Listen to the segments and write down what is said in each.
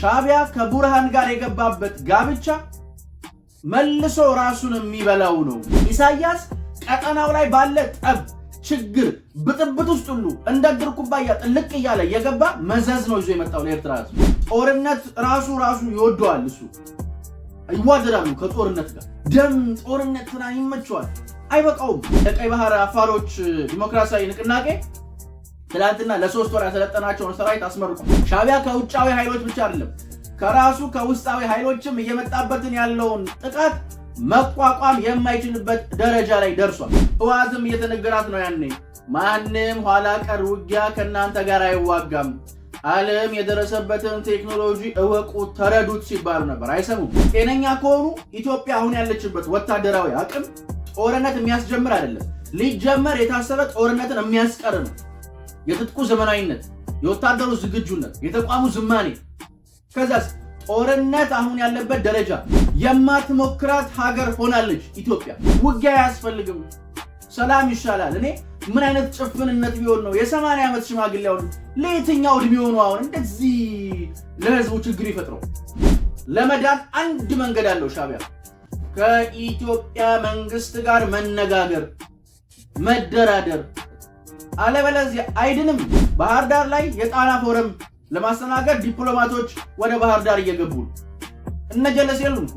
ሻቢያ ከቡርሃን ጋር የገባበት ጋብቻ መልሶ ራሱን የሚበላው ነው። ኢሳያስ ቀጠናው ላይ ባለ ጠብ፣ ችግር፣ ብጥብጥ ውስጥ ሁሉ እንደ ድር ኩባያ ጥልቅ እያለ የገባ መዘዝ ነው ይዞ የመጣው ለኤርትራ ህዝብ። ጦርነት ራሱ ራሱ ይወደዋል። እሱ ይዋደዳሉ ከጦርነት ጋር ደም ጦርነት ትናን ይመቸዋል። አይበቃውም። ለቀይ ባህር አፋሮች ዲሞክራሲያዊ ንቅናቄ ትላንትና ለሶስት ወር ያሰለጠናቸውን ሰራዊት አስመርቁ። ሻቢያ ከውጫዊ ኃይሎች ብቻ አይደለም ከራሱ ከውስጣዊ ኃይሎችም እየመጣበትን ያለውን ጥቃት መቋቋም የማይችልበት ደረጃ ላይ ደርሷል። እዋዝም እየተነገራት ነው። ያኔ ማንም ኋላ ቀር ውጊያ ከእናንተ ጋር አይዋጋም፣ ዓለም የደረሰበትን ቴክኖሎጂ እወቁ፣ ተረዱት ሲባሉ ነበር። አይሰሙም። ጤነኛ ከሆኑ ኢትዮጵያ አሁን ያለችበት ወታደራዊ አቅም ጦርነት የሚያስጀምር አይደለም፣ ሊጀመር የታሰበ ጦርነትን የሚያስቀር ነው። የትጥቁ ዘመናዊነት፣ የወታደሩ ዝግጁነት፣ የተቋሙ ዝማኔ ከዛስ ጦርነት አሁን ያለበት ደረጃ የማትሞክራት ሀገር ሆናለች ኢትዮጵያ። ውጊያ አያስፈልግም፣ ሰላም ይሻላል። እኔ ምን አይነት ጭፍንነት ቢሆን ነው የሰማንያ ዓመት ሽማግሌ አሁን ለየትኛው ዕድሜ ሆኖ አሁን እንደዚህ ለህዝቡ ችግር ይፈጥረው? ለመዳን አንድ መንገድ አለው ሻቢያ ከኢትዮጵያ መንግስት ጋር መነጋገር፣ መደራደር አለበለዚያ አይድንም። ባህር ዳር ላይ የጣና ፎረም ለማስተናገድ ዲፕሎማቶች ወደ ባህር ዳር እየገቡ ነው። እነጀለስ ጀለስ የሉም እኮ።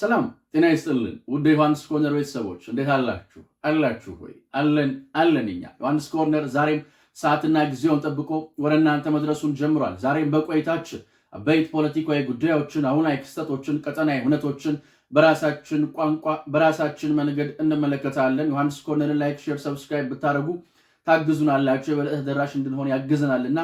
ሰላም ጤና ይስጥልን ውድ ዮሐንስ ኮርነር ቤተሰቦች እንዴት አላችሁ? አላችሁ ወይ? አለን አለን። እኛ ዮሐንስ ኮርነር ዛሬም ሰዓትና ጊዜውን ጠብቆ ወደ እናንተ መድረሱን ጀምሯል። ዛሬም በቆይታችን አበይት ፖለቲካዊ ጉዳዮችን፣ አሁናዊ ክስተቶችን፣ ቀጠናዊ እውነቶችን በራሳችን ቋንቋ በራሳችን መንገድ እንመለከታለን። ዮሐንስ ኮርነርን ላይክ፣ ሼር፣ ሰብስክራይብ ብታደርጉ ታግዙናላችሁ። የበለጠ ተደራሽ እንድንሆን እና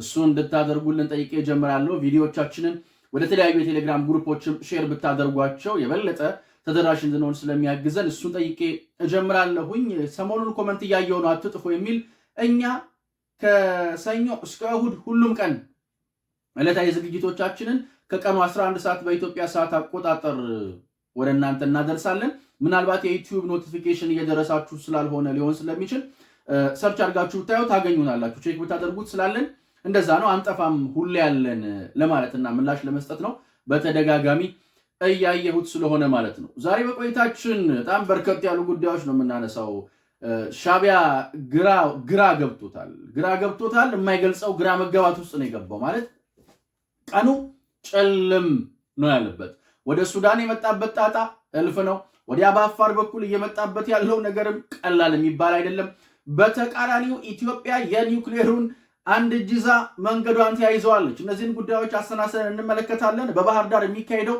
እሱ እንድታደርጉልን ጠይቄ እጀምራለሁ። ቪዲዮዎቻችንን ወደ ተለያዩ የቴሌግራም ግሩፖችም ሼር ብታደርጓቸው የበለጠ ተደራሽ እንድንሆን ስለሚያግዘን እሱን ጠይቄ እጀምራለሁኝ። ሰሞኑን ኮመንት እያየሁ ነው አትጥፎ የሚል እኛ ከሰኞ እስከ እሁድ ሁሉም ቀን ዕለታዊ ዝግጅቶቻችንን ከቀኑ 11 ሰዓት በኢትዮጵያ ሰዓት አቆጣጠር ወደ እናንተ እናደርሳለን። ምናልባት የዩቲዩብ ኖቲፊኬሽን እየደረሳችሁ ስላልሆነ ሊሆን ስለሚችል ሰርች አድርጋችሁ ብታየው ታገኙናላችሁ። ቼክ ብታደርጉት ስላለን እንደዛ ነው። አንጠፋም፣ ሁሌ ያለን ለማለትና ምላሽ ለመስጠት ነው። በተደጋጋሚ እያየሁት ስለሆነ ማለት ነው። ዛሬ በቆይታችን በጣም በርከት ያሉ ጉዳዮች ነው የምናነሳው። ሻቢያ ግራ ገብቶታል፣ ግራ ገብቶታል። የማይገልጸው ግራ መገባት ውስጥ ነው የገባው ማለት ቀኑ ጨልም ነው ያለበት ወደ ሱዳን የመጣበት ጣጣ እልፍ ነው። ወዲያ በአፋር በኩል እየመጣበት ያለው ነገርም ቀላል የሚባል አይደለም። በተቃራኒው ኢትዮጵያ የኒውክሌሩን አንድ እጅ ይዛ መንገዷን ተያይዘዋለች። እነዚህን ጉዳዮች አሰናሰን እንመለከታለን። በባህር ዳር የሚካሄደው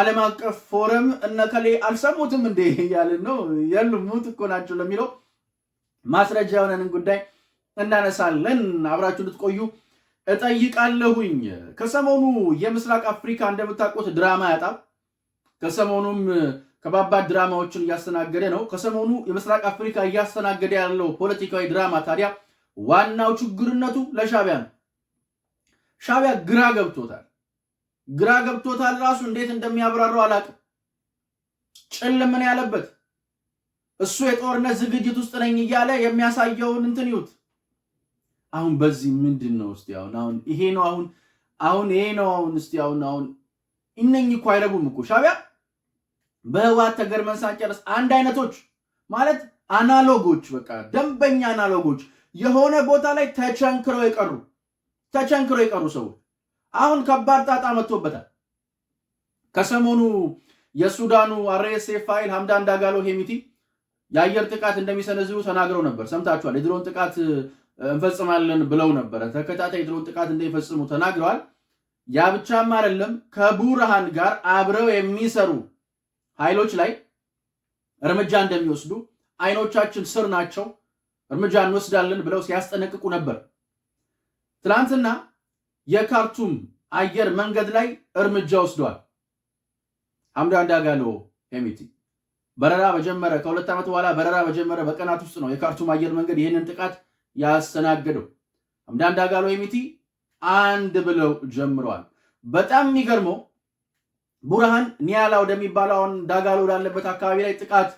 ዓለም አቀፍ ፎረም እነከሌ አልሰሙትም እንዴ እያልን ነው። የሉም ሙት እኮ ናቸው ለሚለው ማስረጃ የሆነንን ጉዳይ እናነሳለን። አብራችሁ ልትቆዩ እጠይቃለሁኝ። ከሰሞኑ የምስራቅ አፍሪካ እንደምታውቁት ድራማ ያጣ ከሰሞኑም ከባባድ ድራማዎችን እያስተናገደ ነው። ከሰሞኑ የምስራቅ አፍሪካ እያስተናገደ ያለው ፖለቲካዊ ድራማ ታዲያ ዋናው ችግርነቱ ለሻቢያ ነው። ሻቢያ ግራ ገብቶታል። ግራ ገብቶታል። ራሱ እንዴት እንደሚያብራራው ጭል ጭልምን ያለበት እሱ የጦርነት ዝግጅት ውስጥ ነኝ እያለ የሚያሳየውን እንትን ይዩት። አሁን በዚህ ምንድን ነው እስቲ አሁን አሁን ይሄ ነው አሁን አሁን ይሄ ነው አሁን እስቲ አሁን አሁን እነኚህ እኮ አይረጉም እኮ ሻዕቢያ በህወሓት ተገርመን ሳንጨርስ አንድ አይነቶች ማለት አናሎጎች በቃ ደንበኛ አናሎጎች የሆነ ቦታ ላይ ተቸንክረው የቀሩ ተቸንክረው የቀሩ ሰዎች አሁን ከባድ ጣጣ መጥቶበታል። ከሰሞኑ የሱዳኑ አርኤስኤፍ ኃይል ሐምዳን ዳጋሎ ሄሚቲ የአየር ጥቃት እንደሚሰነዝሩ ተናግረው ነበር። ሰምታችኋል። የድሮን ጥቃት እንፈጽማለን ብለው ነበረ። ተከታታይ ድሮን ጥቃት እንደሚፈጽሙ ተናግረዋል። ያ ብቻም አይደለም፣ ከቡርሃን ጋር አብረው የሚሰሩ ኃይሎች ላይ እርምጃ እንደሚወስዱ አይኖቻችን ስር ናቸው፣ እርምጃ እንወስዳለን ብለው ሲያስጠነቅቁ ነበር። ትናንትና የካርቱም አየር መንገድ ላይ እርምጃ ወስደዋል። ሐምዳን ዳጋሎ ሄሚቲ በረራ በጀመረ ከሁለት ዓመት በኋላ በረራ በጀመረ በቀናት ውስጥ ነው የካርቱም አየር መንገድ ይህንን ጥቃት ያስተናገደው። አምዳንድ አጋሎ የሚቲ አንድ ብለው ጀምረዋል። በጣም የሚገርመው ቡርሃን ኒያላ ወደሚባለው አሁን ዳጋሎ ወዳለበት አካባቢ ላይ ጥቃት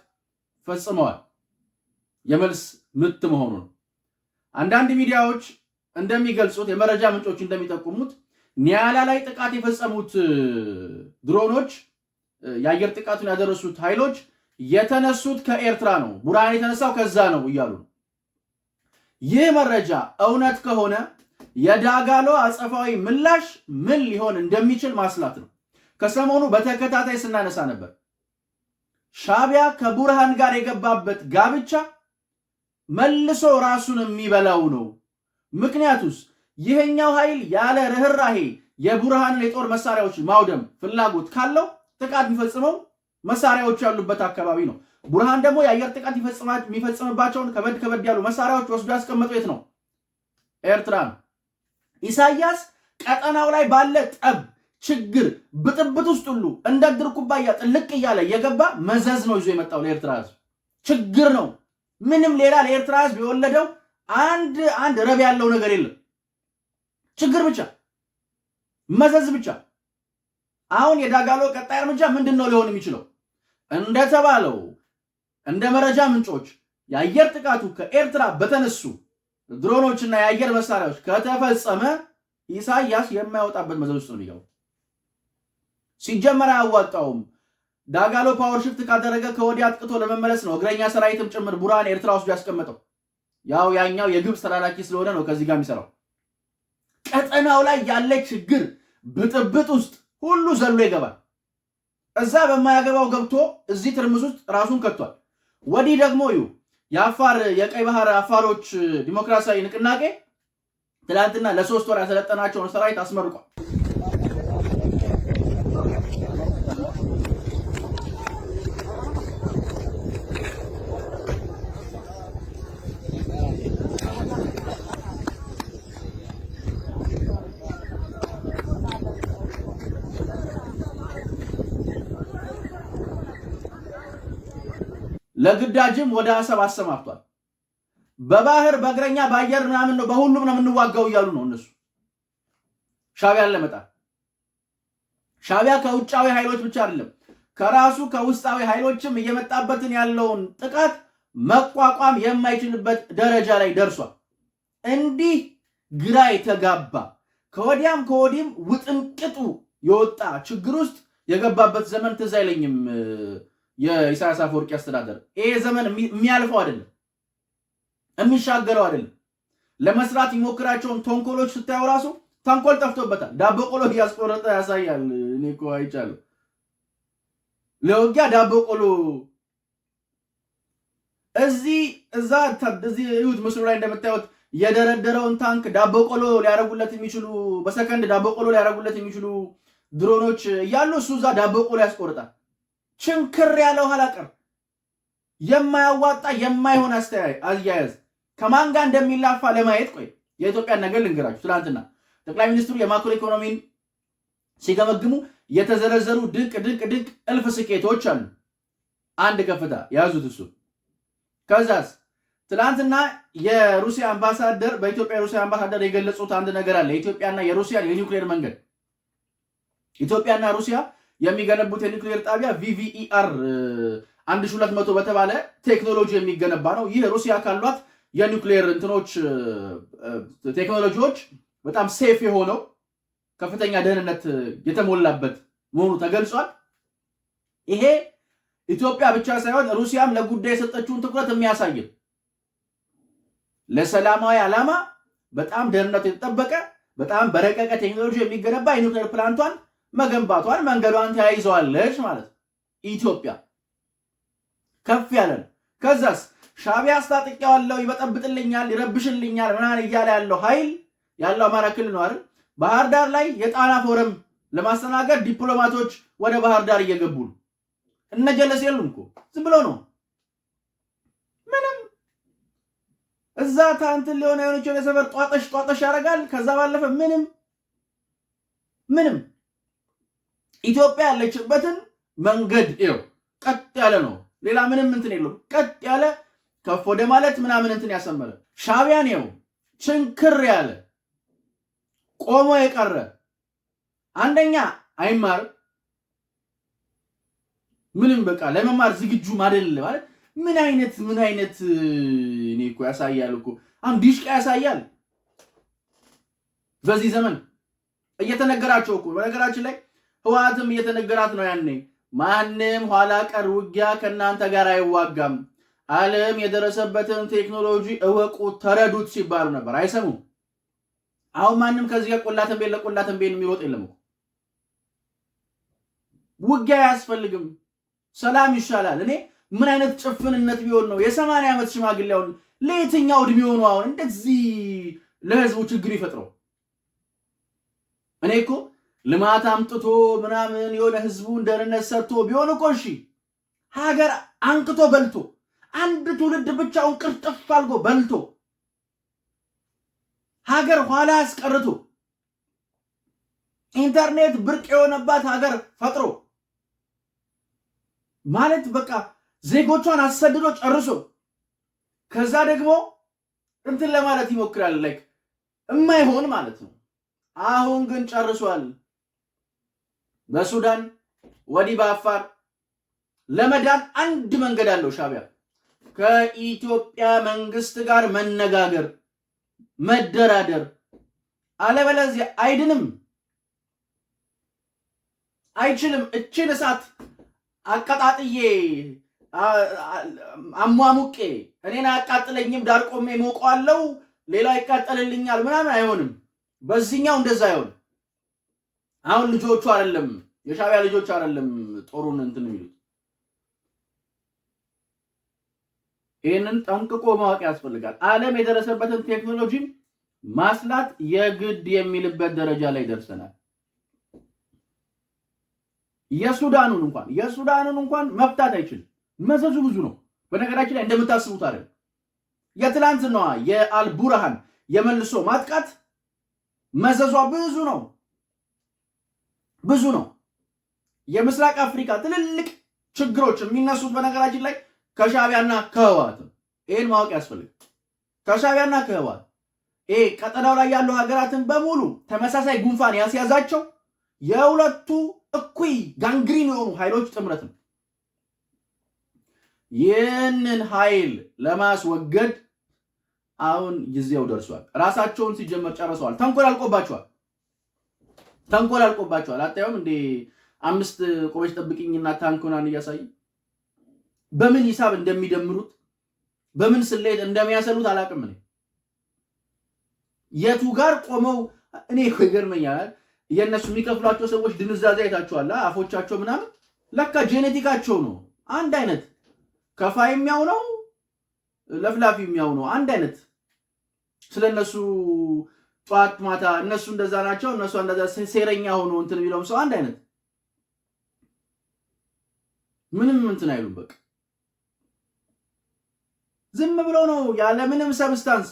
ፈጽመዋል። የመልስ ምት መሆኑ ነው። አንዳንድ ሚዲያዎች እንደሚገልጹት የመረጃ ምንጮች እንደሚጠቁሙት ኒያላ ላይ ጥቃት የፈጸሙት ድሮኖች የአየር ጥቃቱን ያደረሱት ኃይሎች የተነሱት ከኤርትራ ነው፣ ቡርሃን የተነሳው ከዛ ነው እያሉ ነው። ይህ መረጃ እውነት ከሆነ የዳጋሎ አጸፋዊ ምላሽ ምን ሊሆን እንደሚችል ማስላት ነው። ከሰሞኑ በተከታታይ ስናነሳ ነበር። ሻቢያ ከቡርሃን ጋር የገባበት ጋብቻ መልሶ ራሱን የሚበላው ነው። ምክንያቱስ ይሄኛው ኃይል ያለ ርኅራሄ የቡርሃንን የጦር መሳሪያዎች ማውደም ፍላጎት ካለው ጥቃት የሚፈጽመው መሳሪያዎች ያሉበት አካባቢ ነው። ቡርሃን ደግሞ የአየር ጥቃት የሚፈጽምባቸውን ከበድ ከበድ ያሉ መሳሪያዎች ወስዶ ያስቀመጡ የት ነው? ኤርትራ ነው። ኢሳያስ ቀጠናው ላይ ባለ ጠብ፣ ችግር፣ ብጥብጥ ውስጥ ሁሉ እንደ ድር ኩባያ ጥልቅ እያለ የገባ መዘዝ ነው ይዞ የመጣው ለኤርትራ ህዝብ ችግር ነው። ምንም ሌላ ለኤርትራ ህዝብ የወለደው አንድ አንድ ረብ ያለው ነገር የለም። ችግር ብቻ፣ መዘዝ ብቻ። አሁን የዳጋሎ ቀጣይ እርምጃ ምንድን ነው ሊሆን የሚችለው እንደተባለው እንደ መረጃ ምንጮች የአየር ጥቃቱ ከኤርትራ በተነሱ ድሮኖችና የአየር መሳሪያዎች ከተፈጸመ ኢሳያስ የማይወጣበት መዘዝ ውስጥ ነው የሚገባው። ሲጀመር አያዋጣውም። ዳጋሎ ፓወር ሽፍት ካደረገ ከወዲያ አጥቅቶ ለመመለስ ነው። እግረኛ ሰራዊትም ጭምር ቡራን ኤርትራ ውስጥ ያስቀመጠው ያው ያኛው የግብፅ ተላላኪ ስለሆነ ነው። ከዚህ ጋር የሚሰራው ቀጠናው ላይ ያለ ችግር ብጥብጥ ውስጥ ሁሉ ዘሎ ይገባል። እዛ በማያገባው ገብቶ እዚህ ትርምስ ውስጥ ራሱን ከቷል። ወዲህ ደግሞ ዩ የአፋር የቀይ ባህር አፋሮች ዲሞክራሲያዊ ንቅናቄ ትላንትና ለሶስት ወር ያሰለጠናቸውን ሰራዊት አስመርቋል። ለግዳጅም ወደ አሰብ አሰማርቷል። በባህር በእግረኛ በአየር ምናምን ነው በሁሉም ነው የምንዋጋው እያሉ ነው እነሱ ሻቢያን ለመጣል። ሻቢያ ከውጫዊ ኃይሎች ብቻ አይደለም ከራሱ ከውስጣዊ ኃይሎችም እየመጣበትን ያለውን ጥቃት መቋቋም የማይችልበት ደረጃ ላይ ደርሷል። እንዲህ ግራ የተጋባ ከወዲያም ከወዲህም ውጥንቅጡ የወጣ ችግር ውስጥ የገባበት ዘመን ትዝ አይለኝም። የኢሳያስ አፈወርቂ አስተዳደር ይሄ ዘመን የሚያልፈው አይደለም፣ የሚሻገረው አይደለም። ለመስራት ይሞክራቸውን ተንኮሎች ስታየው ራሱ ተንኮል ጠፍቶበታል። ዳቦ ቆሎ እያስቆረጠ ያሳያል። እኔ እኮ አይቻለሁ። ለውጊያ ዳቦ ቆሎ እዚህ እዛ እዚህ ይሁት ምስሉ ላይ እንደምታዩት የደረደረውን ታንክ ዳቦ ቆሎ ሊያረጉለት የሚችሉ በሰከንድ ዳቦ ቆሎ ሊያረጉለት የሚችሉ ድሮኖች እያሉ እሱ እዛ ዳቦ ቆሎ ያስቆርጣል። ችንክር ያለው ኋላ ቀር የማያዋጣ የማይሆን አያያዝ ከማን ጋር እንደሚላፋ ለማየት ቆይ የኢትዮጵያን ነገር ልንገራችሁ። ትናንትና ጠቅላይ ሚኒስትሩ የማክሮ ኢኮኖሚን ሲገመግሙ የተዘረዘሩ ድንቅ ድንቅ ድንቅ እልፍ ስኬቶች አሉ። አንድ ከፍታ ያዙት እሱ። ከዛስ ትናንትና የሩሲያ አምባሳደር በኢትዮጵያ የሩሲያ አምባሳደር የገለጹት አንድ ነገር አለ። የኢትዮጵያና የሩሲያ የኒውክሌር መንገድ ኢትዮጵያና ሩሲያ የሚገነቡት የኒክሌር ጣቢያ ቪቪኢአር 1200 በተባለ ቴክኖሎጂ የሚገነባ ነው። ይህ ሩሲያ ካሏት የኒክሌር እንትኖች ቴክኖሎጂዎች በጣም ሴፍ የሆነው ከፍተኛ ደህንነት የተሞላበት መሆኑ ተገልጿል። ይሄ ኢትዮጵያ ብቻ ሳይሆን ሩሲያም ለጉዳይ የሰጠችውን ትኩረት የሚያሳይ ለሰላማዊ ዓላማ በጣም ደህንነቱ የተጠበቀ በጣም በረቀቀ ቴክኖሎጂ የሚገነባ የኒውክሌር ፕላንቷን መገንባቷን መንገዷን ተያይዘዋለች ማለት ነው። ኢትዮጵያ ከፍ ያለ ነው። ከዛስ ሻዕቢያ አስታጥቄዋለሁ፣ ይበጠብጥልኛል፣ ይረብሽልኛል ምናምን እያለ ያለው ኃይል ያለው አማራ ክልል ነው አይደል? ባህር ዳር ላይ የጣና ፎረም ለማስተናገድ ዲፕሎማቶች ወደ ባህር ዳር እየገቡ ነው። እነጀለስ የሉም እኮ ዝም ብለው ነው። ምንም እዛ ታንትን ሊሆነ የሆነችው የሰፈር ጧጠሽ ጧጠሽ ያደርጋል። ከዛ ባለፈ ምንም ምንም ኢትዮጵያ ያለችበትን መንገድ ይው ቀጥ ያለ ነው። ሌላ ምንም እንትን የለውም። ቀጥ ያለ ከፍ ወደ ማለት ምናምን እንትን ያሰመረ ሻቢያን ይው ችንክር ያለ ቆሞ የቀረ አንደኛ አይማር ምንም በቃ ለመማር ዝግጁ ማደል ማለት ምን አይነት ምን አይነት እኔ እኮ ያሳያል እኮ አሁን ዲሽቃ ያሳያል። በዚህ ዘመን እየተነገራቸው እኮ በነገራችን ላይ ህወሓትም እየተነገራት ነው ያኔ ማንም ኋላ ቀር ውጊያ ከእናንተ ጋር አይዋጋም፣ ዓለም የደረሰበትን ቴክኖሎጂ እወቁ፣ ተረዱት ሲባሉ ነበር። አይሰሙም። አሁን ማንም ከዚህ ጋር ቆላ ተንቤን ለቆላ ተንቤን የሚሮጥ የለም። ውጊያ አያስፈልግም፣ ሰላም ይሻላል። እኔ ምን አይነት ጭፍንነት ቢሆን ነው የሰማንያ ዓመት ሽማግሌ አሁን ለየትኛው ዕድሜ ሆኖ አሁን እንደዚህ ለህዝቡ ችግር ይፈጥረው? እኔ እኮ ልማት አምጥቶ ምናምን የሆነ ህዝቡን ደህንነት ሰጥቶ ቢሆን እኮ እሺ፣ ሀገር አንክቶ በልቶ አንድ ትውልድ ብቻውን ቅርጥፍ አልጎ በልቶ ሀገር ኋላ አስቀርቶ ኢንተርኔት ብርቅ የሆነባት ሀገር ፈጥሮ ማለት በቃ ዜጎቿን አሰድዶ ጨርሶ ከዛ ደግሞ እንትን ለማለት ይሞክራል ላይክ እማይሆን ማለት ነው። አሁን ግን ጨርሷል። በሱዳን ወዲህ በአፋር ለመዳን አንድ መንገድ አለው ሻቢያ ከኢትዮጵያ መንግስት ጋር መነጋገር፣ መደራደር። አለበለዚያ አይድንም፣ አይችልም። እችን እሳት አቀጣጥዬ አሟሙቄ እኔን አያቃጥለኝም፣ ዳርቆሜ ቆሜ ሞቀዋለው፣ ሌላ ይቃጠልልኛል ምናምን አይሆንም። በዚህኛው እንደዛ አይሆንም። አሁን ልጆቹ አይደለም የሻቢያ ልጆች አይደለም ጦሩን እንትን የሚሉት ይህንን ጠንቅቆ ማወቅ ያስፈልጋል። ዓለም የደረሰበትን ቴክኖሎጂ ማስላት የግድ የሚልበት ደረጃ ላይ ደርሰናል። የሱዳኑን እንኳን የሱዳኑን እንኳን መፍታት አይችልም። መዘዙ ብዙ ነው። በነገራችን ላይ እንደምታስቡት አይደለም። የትላንትናዋ የአልቡርሃን የመልሶ ማጥቃት መዘዟ ብዙ ነው። ብዙ ነው። የምስራቅ አፍሪካ ትልልቅ ችግሮች የሚነሱት በነገራችን ላይ ከሻቢያና ከህዋት ይህን ማወቅ ያስፈልጋል። ከሻቢያና ከህዋት ይሄ ቀጠናው ላይ ያሉ ሀገራትን በሙሉ ተመሳሳይ ጉንፋን ያስያዛቸው የሁለቱ እኩይ ጋንግሪን የሆኑ ኃይሎች ጥምረት ነው። ይህንን ኃይል ለማስወገድ አሁን ጊዜው ደርሷል። ራሳቸውን ሲጀመር ጨርሰዋል። ተንኮል አልቆባቸዋል። ተንኮል አልቆባቸዋል። አታየውም እንዴ? አምስት ቆመች ጠብቅኝና ታንኮናን እያሳይ በምን ሂሳብ እንደሚደምሩት በምን ስሌት እንደሚያሰሉት አላቅም። እኔ የቱ ጋር ቆመው እኔ ይገርመኛል። የእነሱ የሚከፍሏቸው ሰዎች ድንዛዜ አይታችኋላ? አፎቻቸው ምናምን ለካ ጄኔቲካቸው ነው አንድ አይነት። ከፋ የሚያው ነው ለፍላፊ የሚያው ነው አንድ አይነት። ስለነሱ ጧት ማታ እነሱ እንደዛ ናቸው፣ እነሱ እንደዛ ሴረኛ ሆኖ እንትን የሚለውም ሰው አንድ አይነት ምንም እንትን አይሉም። በቃ ዝም ብለው ነው ያለ ምንም ሰብስታንስ፣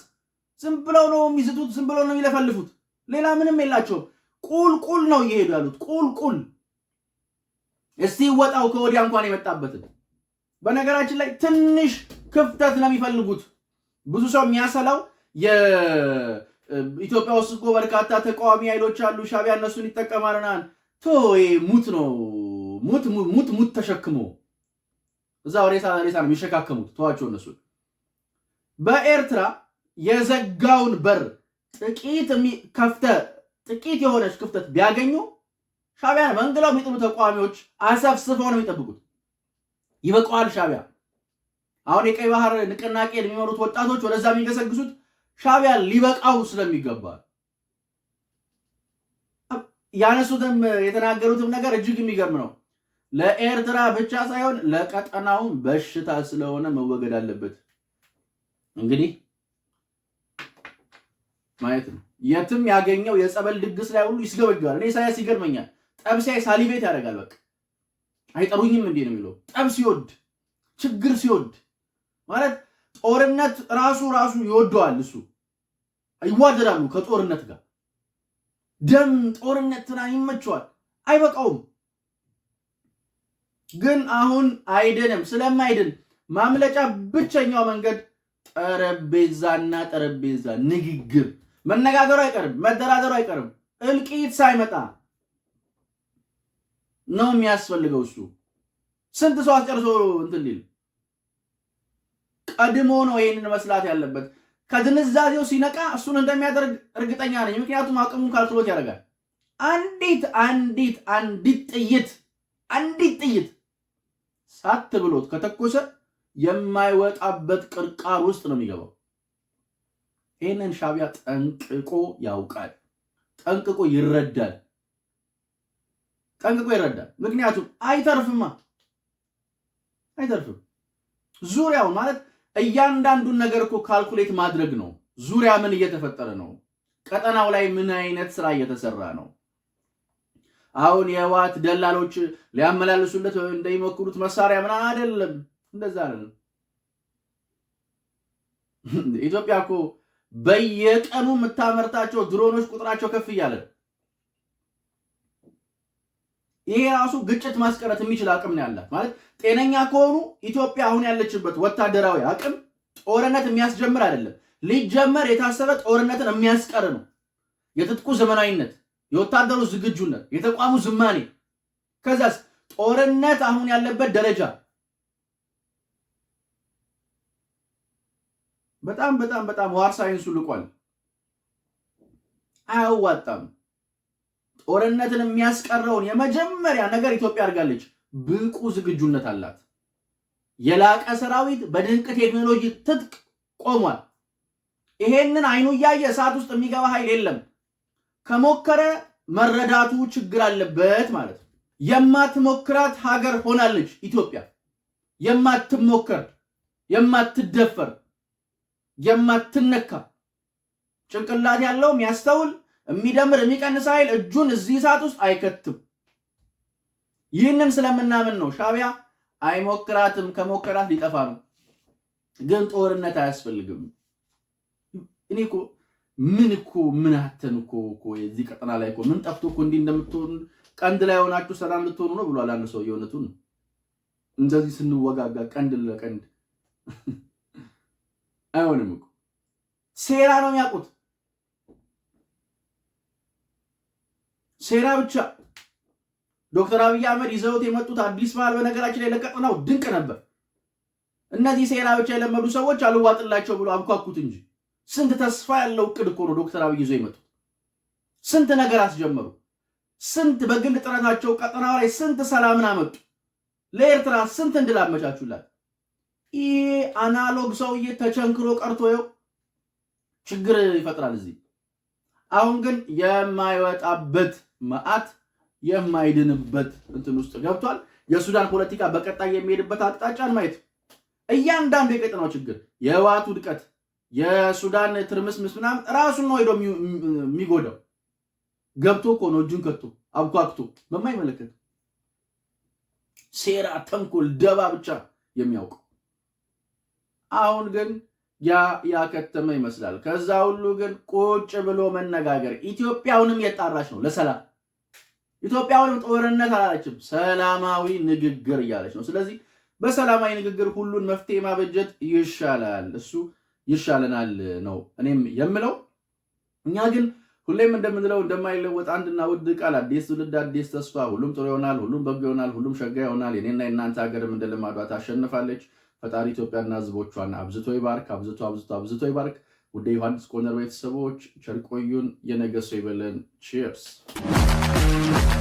ዝም ብለው ነው የሚስጡት፣ ዝም ብለው ነው የሚለፈልፉት። ሌላ ምንም የላቸውም። ቁልቁል ነው እየሄዱ ያሉት። ቁልቁል እስቲ ወጣው ከወዲያ እንኳን የመጣበትን። በነገራችን ላይ ትንሽ ክፍተት ነው የሚፈልጉት ብዙ ሰው የሚያሰላው ኢትዮጵያ ውስጥ እኮ በርካታ ተቃዋሚ ኃይሎች አሉ። ሻቢያ እነሱን ይጠቀማልናል። ቶ ሙት ነው ሙት ሙት ሙት ተሸክሞ እዛ ሬሳ ሬሳ ነው የሚሸካከሙት። ተዋቸው እነሱ በኤርትራ የዘጋውን በር ጥቂት ከፍተ ጥቂት የሆነች ክፍተት ቢያገኙ ሻዕቢያን መንግላው የሚጥሉ ተቃዋሚዎች አሰፍስፈው ነው የሚጠብቁት። ይበቀዋል ሻቢያ አሁን የቀይ ባህር ንቅናቄ የሚመሩት ወጣቶች ወደዛ የሚገሰግሱት ሻቢያ ሊበቃው ስለሚገባ ያነሱትም የተናገሩትም ነገር እጅግ የሚገርም ነው። ለኤርትራ ብቻ ሳይሆን ለቀጠናውም በሽታ ስለሆነ መወገድ አለበት። እንግዲህ ማየት ነው። የትም ያገኘው የጸበል ድግስ ላይ ሁሉ ይስገበግባል። እኔ ኢሳያስ ይገርመኛል። ጠብሳይ ሳሊቤት ያደርጋል። በቃ አይጠሩኝም እንዴ ነው የሚለው። ጠብ ሲወድ ችግር ሲወድ ማለት ጦርነት ራሱ ራሱ ይወደዋል እሱ ይዋደዳሉ ከጦርነት ጋር። ደም ጦርነትና ይመቸዋል፣ አይበቃውም። ግን አሁን አይድንም። ስለማይድን ማምለጫ ብቸኛው መንገድ ጠረጴዛና ጠረጴዛ ንግግር፣ መነጋገሩ አይቀርም፣ መደራደሩ አይቀርም። እልቂት ሳይመጣ ነው የሚያስፈልገው። እሱ ስንት ሰው አስጨርሶ እንትን ሊል ቀድሞ ነው ይህንን መስላት ያለበት። ከድንዛዜው ሲነቃ እሱን እንደሚያደርግ እርግጠኛ ነኝ። ምክንያቱም አቅሙን ካልክሎት ያደርጋል። አንዲት አንዲት አንዲት ጥይት አንዲት ጥይት ሳት ብሎት ከተኮሰ የማይወጣበት ቅርቃር ውስጥ ነው የሚገባው። ይህንን ሻቢያ ጠንቅቆ ያውቃል፣ ጠንቅቆ ይረዳል፣ ጠንቅቆ ይረዳል። ምክንያቱም አይተርፍማ፣ አይተርፍም ዙሪያውን ማለት እያንዳንዱን ነገር እኮ ካልኩሌት ማድረግ ነው። ዙሪያ ምን እየተፈጠረ ነው? ቀጠናው ላይ ምን አይነት ስራ እየተሰራ ነው? አሁን የህወሓት ደላሎች ሊያመላልሱለት እንደሚሞክሩት መሳሪያ ምን አይደለም፣ እንደዛ አይደለም። ኢትዮጵያ እኮ በየቀኑ የምታመርታቸው ድሮኖች ቁጥራቸው ከፍ እያለ ይሄ ራሱ ግጭት ማስቀረት የሚችል አቅም ነው ያላት። ማለት ጤነኛ ከሆኑ ኢትዮጵያ አሁን ያለችበት ወታደራዊ አቅም ጦርነት የሚያስጀምር አይደለም። ሊጀመር የታሰበ ጦርነትን የሚያስቀር ነው። የትጥቁ ዘመናዊነት፣ የወታደሩ ዝግጁነት፣ የተቋሙ ዝማኔ ከዛስ ጦርነት አሁን ያለበት ደረጃ በጣም በጣም በጣም ዋር ሳይንሱ ልቋል። አያዋጣም። ጦርነትን የሚያስቀረውን የመጀመሪያ ነገር ኢትዮጵያ አድርጋለች። ብቁ ዝግጁነት አላት። የላቀ ሰራዊት በድንቅ ቴክኖሎጂ ትጥቅ ቆሟል። ይሄንን አይኑ እያየ እሳት ውስጥ የሚገባ ኃይል የለም። ከሞከረ መረዳቱ ችግር አለበት ማለት ነው። የማትሞክራት ሀገር ሆናለች ኢትዮጵያ። የማትሞከር፣ የማትደፈር፣ የማትነካ ጭንቅላት ያለው የሚያስተውል የሚደምር የሚቀንስ ኃይል እጁን እዚህ እሳት ውስጥ አይከትም። ይህንን ስለምናምን ነው ሻቢያ አይሞክራትም። ከሞከራት ሊጠፋ ነው። ግን ጦርነት አያስፈልግም። እኔ እኮ ምን እኮ ምን አተን እኮ እኮ የዚህ ቀጠና ላይ እኮ ምን ጠፍቶ እኮ እንዲህ እንደምትሆኑ ቀንድ ላይ ሆናችሁ ሰላም ልትሆኑ ነው ብሏል አንድ ሰው። ነው። እንደዚህ ስንወጋጋ ቀንድ ለቀንድ አይሆንም እኮ ሴራ ነው የሚያውቁት። ሴራ ብቻ። ዶክተር አብይ አህመድ ይዘውት የመጡት አዲስ ባህል በነገራችን ላይ ለቀጥናው ድንቅ ነበር። እነዚህ ሴራ ብቻ የለመዱ ሰዎች አልዋጥላቸው ብሎ አብኳኩት እንጂ ስንት ተስፋ ያለው እቅድ እኮ ነው ዶክተር አብይ ይዘው የመጡት። ስንት ነገር አስጀመሩ። ስንት በግል ጥረታቸው ቀጠናው ላይ ስንት ሰላምን አመጡ። ለኤርትራ ስንት እንድል አመቻቹላት። ይሄ አናሎግ ሰውዬ ተቸንክሮ ቀርቶ ይኸው ችግር ይፈጥራል እዚህ። አሁን ግን የማይወጣበት መዓት የማይድንበት እንትን ውስጥ ገብቷል። የሱዳን ፖለቲካ በቀጣይ የሚሄድበት አቅጣጫን ማየት እያንዳንዱ የቀጠናው ችግር፣ የህወሓቱ ውድቀት፣ የሱዳን ትርምስምስ ምናምን ራሱን ነው ሄዶ የሚጎዳው። ገብቶ እኮ ነው እጁን ከቶ አብኳክቶ በማይመለከት ሴራ፣ ተንኮል፣ ደባ ብቻ የሚያውቀው አሁን ግን ያ ያከተመ ይመስላል። ከዛ ሁሉ ግን ቁጭ ብሎ መነጋገር ኢትዮጵያውንም የጣራች ነው ለሰላም ኢትዮጵያውንም ጦርነት አላለችም፣ ሰላማዊ ንግግር እያለች ነው። ስለዚህ በሰላማዊ ንግግር ሁሉን መፍትሄ ማበጀት ይሻላል፣ እሱ ይሻለናል ነው እኔም የምለው። እኛ ግን ሁሌም እንደምንለው እንደማይለወጥ አንድና ውድ ቃል አዲስ ትውልድ አዲስ ተስፋ፣ ሁሉም ጥሩ ይሆናል፣ ሁሉም በጎ ይሆናል፣ ሁሉም ሸጋ ይሆናል፣ የኔና የእናንተ ሀገርም እንደ ልማዷ ታሸንፋለች። ፈጣሪ ኢትዮጵያና ሕዝቦቿን አብዝቶ ይባርክ፣ አብዝቶ አብዝቶ አብዝቶ ይባርክ። ውድ ዮሐንስ ኮርነር ቤተሰቦች ቸርቆዩን ቆዩን። ይበለን። ቺርስ Thank you.